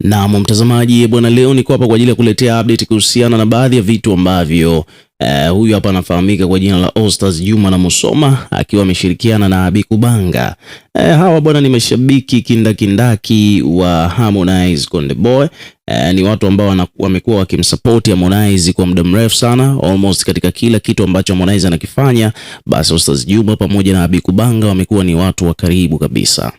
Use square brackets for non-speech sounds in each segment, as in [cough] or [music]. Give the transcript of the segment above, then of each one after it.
Naam mtazamaji bwana, leo niko hapa kwa ajili ya kuletea update kuhusiana na baadhi ya vitu ambavyo eh, huyu hapa anafahamika kwa jina la Ostaz Juma na Musoma akiwa ameshirikiana na Abikubanga. Eh, hawa bwana ni mashabiki kindakindaki wa Harmonize Konde Boy. Eh, ni watu ambao wamekuwa wakimsupport Harmonize kwa muda mrefu sana, almost katika kila kitu ambacho Harmonize anakifanya, basi Ostaz Juma pamoja na Abikubanga wamekuwa ni watu wa karibu kabisa.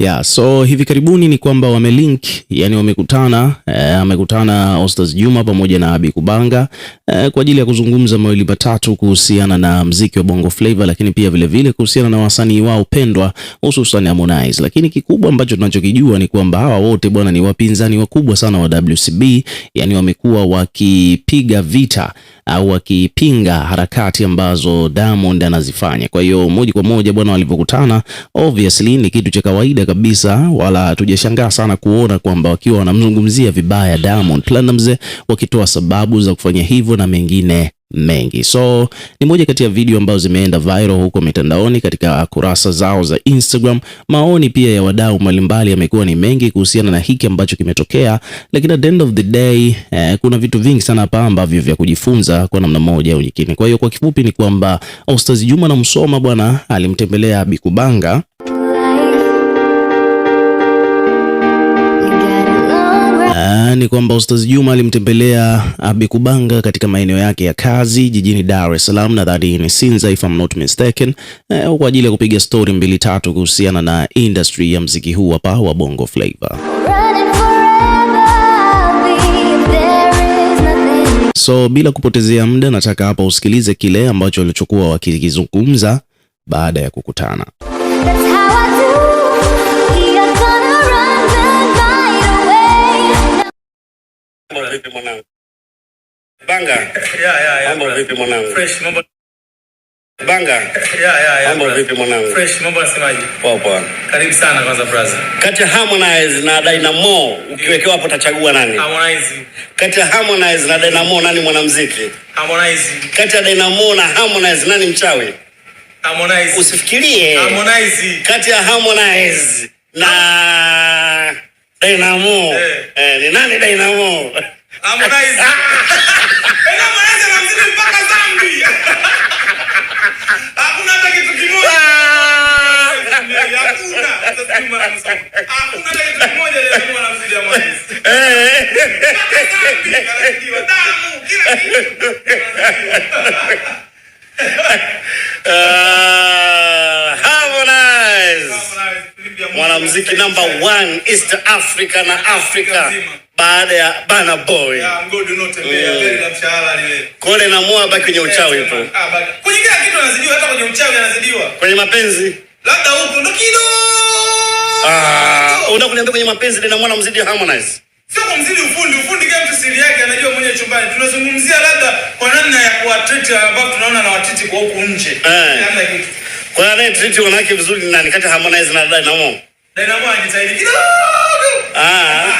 Yeah, so hivi karibuni ni kwamba wamelink, yani wamekutana eh, amekutana Ostaz Juma pamoja na Abi Kubanga eh, kwa ajili ya kuzungumza mawili matatu kuhusiana na mziki wa Bongo Flava, lakini pia vile vile kuhusiana na wasanii wao pendwa hususan Harmonize. Lakini kikubwa ambacho tunachokijua ni kwamba hawa wote bwana ni wapinzani wakubwa sana wa WCB, yani wamekuwa wakipiga vita au wakipinga harakati ambazo Diamond anazifanya. Kwa hiyo moja kwa moja bwana, walivyokutana obviously ni kitu cha kawaida kabisa, wala hatujashangaa sana kuona kwamba wakiwa wanamzungumzia vibaya Diamond Platinumz, wakitoa sababu za kufanya hivyo na mengine mengi. So ni moja kati ya video ambazo zimeenda viral huko mitandaoni katika kurasa zao za Instagram. Maoni pia ya wadau mbalimbali yamekuwa ni mengi kuhusiana na hiki ambacho kimetokea, lakini at the end of the day eh, kuna vitu vingi sana hapa ambavyo vya kujifunza kwa namna moja au nyingine. Kwa hiyo kwa kifupi ni kwamba Ostaz Juma na Msoma bwana alimtembelea Bikubanga ni kwamba Ustaz Juma alimtembelea Abikubanga katika maeneo yake ya kazi jijini Dar es Salaam, nadhani ni Sinza if I'm not mistaken, eh, kwa ajili ya kupiga stori mbili tatu kuhusiana na industry ya mziki huu hapa wa Bongo Flava. So bila kupotezea muda, nataka hapa usikilize kile ambacho walichokuwa wakizungumza baada ya kukutana. vipi mwanangu? Banga. Yeah, yeah, yeah. Mambo vipi mwanangu? Fresh mambo. Banga. Yeah, yeah, yeah. Mambo vipi mwanangu? Fresh mambo nasemaje? Poa poa. Karibu sana kwanza brother. Kati ya Harmonize na Dynamo ukiwekewa hapo utachagua nani? Harmonize. Kati ya Harmonize na Dynamo nani mwanamuziki? Harmonize. Kati ya Dynamo na Harmonize nani mchawi? Harmonize. Usifikirie. Harmonize. Kati ya Harmonize na Dynamo. Eh. eh, ni nani Dynamo? Harmonize. Ena Harmonize anamzidi Mwanamuziki namba 1 East Africa na Africa baada ya bana Boy. Yeah, eh. na mua baki kwenye uchawi hapo? Eh, ah, Kwenye kila kitu anazidiwa hata kwenye uchawi anazidiwa. Kwenye mapenzi. Labda huko ndo kido. Ah, unataka kwenye mapenzi ndio mwana mzidi Harmonize. Sio kumzidi ufundi, ufundi kama mtu siri yake anajua mwenye chumbani. Tunazungumzia labda kwa namna ya kuwatriti ambao tunaona na watiti kwa huku nje. Eh. Namna kitu. Kwa hiyo anayetriti wanawake vizuri ni nani kati Harmonize na Dynamo? Dynamo anajitahidi kidogo. Ah.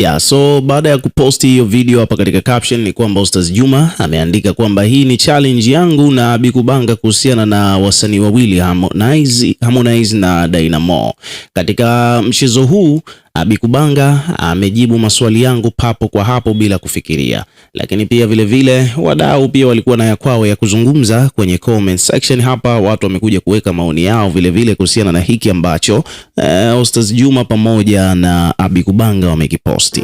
Yeah, so baada ya kuposti hiyo video hapa katika caption ni kwamba Ustaz Juma ameandika kwamba hii ni challenge yangu na Bikubanga kuhusiana na wasanii wawili Harmonize, Harmonize na Dynamo. Katika mchezo huu Abikubanga amejibu maswali yangu papo kwa hapo bila kufikiria, lakini pia vilevile wadau pia walikuwa na ya kwao ya kuzungumza kwenye comment section. Hapa watu wamekuja kuweka maoni yao vilevile kuhusiana na hiki ambacho eh, Ostaz Juma pamoja na Abikubanga wamekiposti.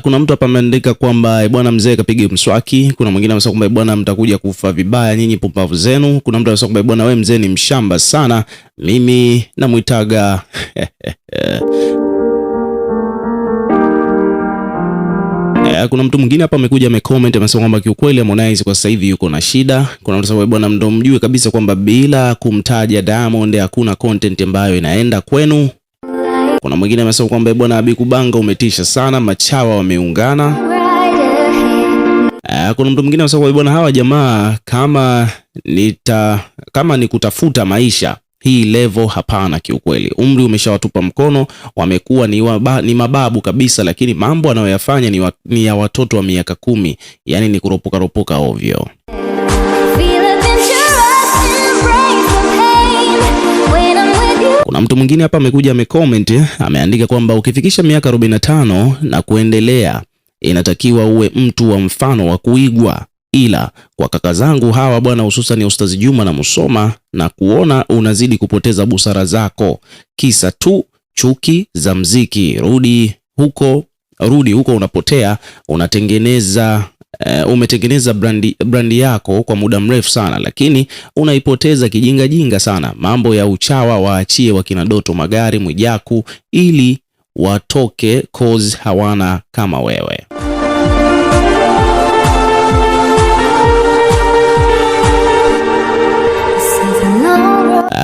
kuna mtu hapa ameandika kwamba eh, bwana mzee kapiga mswaki. Kuna mwingine amesema kwamba eh, bwana mtakuja kufa vibaya nyinyi pumbavu zenu. Kuna mtu amesema kwamba eh, bwana wewe mzee ni mshamba sana, mimi namwitaga [laughs] Kuna mtu mwingine hapa amekuja amecomment amesema kwamba kiukweli Harmonize kwa sasa hivi yuko na shida. Kuna mtu bwana, ndo mjue kabisa kwamba bila kumtaja Diamond hakuna content ambayo inaenda kwenu. Kuna mwingine amesema kwamba bwana Abikubanga umetisha sana, machawa wameungana. Ah, kuna mtu mwingine amesema kwamba bwana hawa jamaa kama nita kama ni kutafuta maisha hii level hapana. Kiukweli umri umeshawatupa mkono, wamekuwa ni, waba, ni mababu kabisa, lakini mambo anayoyafanya ni, wa, ni ya watoto wa miaka kumi, yaani ni kuropoka ropoka ovyo. Kuna mtu mwingine hapa amekuja amecomment, ameandika kwamba ukifikisha miaka 45 na kuendelea inatakiwa uwe mtu wa mfano wa kuigwa, ila kwa kaka zangu hawa bwana, hususan Ustazi Juma na Musoma, na kuona unazidi kupoteza busara zako kisa tu chuki za mziki. Rudi huko, rudi huko unapotea, unatengeneza uh, umetengeneza brandi, brandi yako kwa muda mrefu sana, lakini unaipoteza kijingajinga sana. Mambo ya uchawa waachie wakina Doto Magari, Mwijaku ili watoke, cause hawana kama wewe.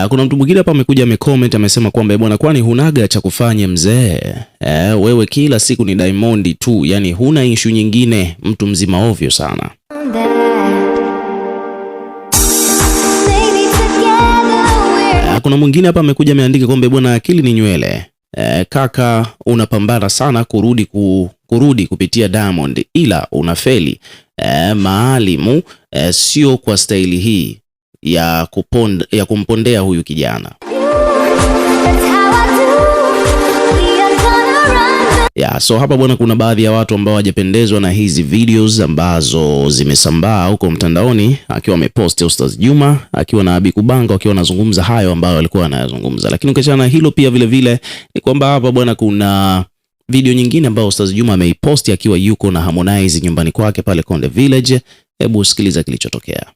Eh, kuna mtu mwingine hapa amekuja amecomment amesema kwamba eh, bwana, kwani hunaga cha kufanya mzee? Eh, wewe kila siku ni Diamond tu, yani huna issue nyingine, mtu mzima ovyo sana. Eh, kuna mwingine hapa amekuja ameandika kwamba bwana, akili ni nywele. eh, kaka unapambana sana kurudi, ku, kurudi kupitia Diamond ila unafeli. eh, maalimu, eh, sio kwa staili hii ya, kupond, ya kumpondea huyu kijana ya, so hapa bwana, kuna baadhi ya watu ambao hawajapendezwa na hizi videos ambazo zimesambaa huko mtandaoni, akiwa amepost Ostaz Juma akiwa na Abi Kubanga akiwa anazungumza hayo ambayo alikuwa anayazungumza. Lakini ukiachana na hilo, pia vile vile ni kwamba hapa bwana, kuna video nyingine ambayo Ostaz Juma ameipost akiwa yuko na Harmonize nyumbani kwake pale Konde Village. Hebu sikiliza kilichotokea.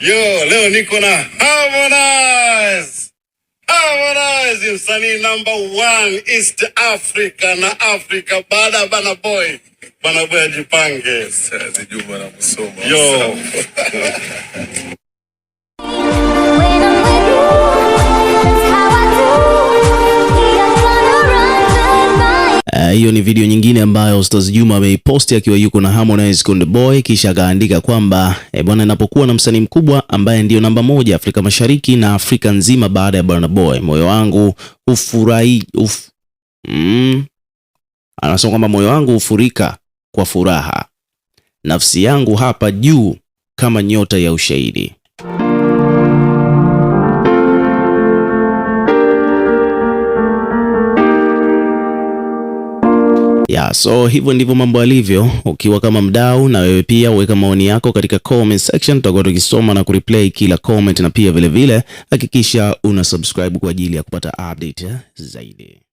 Yo, leo niko na Harmonize. Harmonize msanii number one East Africa na Africa bada Bana Boy. Bana Boy ajipange. Yo. [laughs] hiyo ni video nyingine ambayo Ostaz Juma ameiposti akiwa yuko na Harmonize Konde Boy, kisha akaandika kwamba e, bwana, napokuwa na msanii mkubwa ambaye ndiyo namba moja Afrika Mashariki na Afrika nzima baada ya Burna Boy, moyo wangu hufurahi uf... mm. anasema kwamba moyo wangu hufurika kwa furaha, nafsi yangu hapa juu kama nyota ya ushahidi Yeah, so hivyo ndivyo mambo alivyo. Ukiwa kama mdau, na wewe pia uweka maoni yako katika comment section, tutakuwa tukisoma na kureplay kila comment, na pia vilevile hakikisha vile, una subscribe kwa ajili ya kupata update eh, zaidi.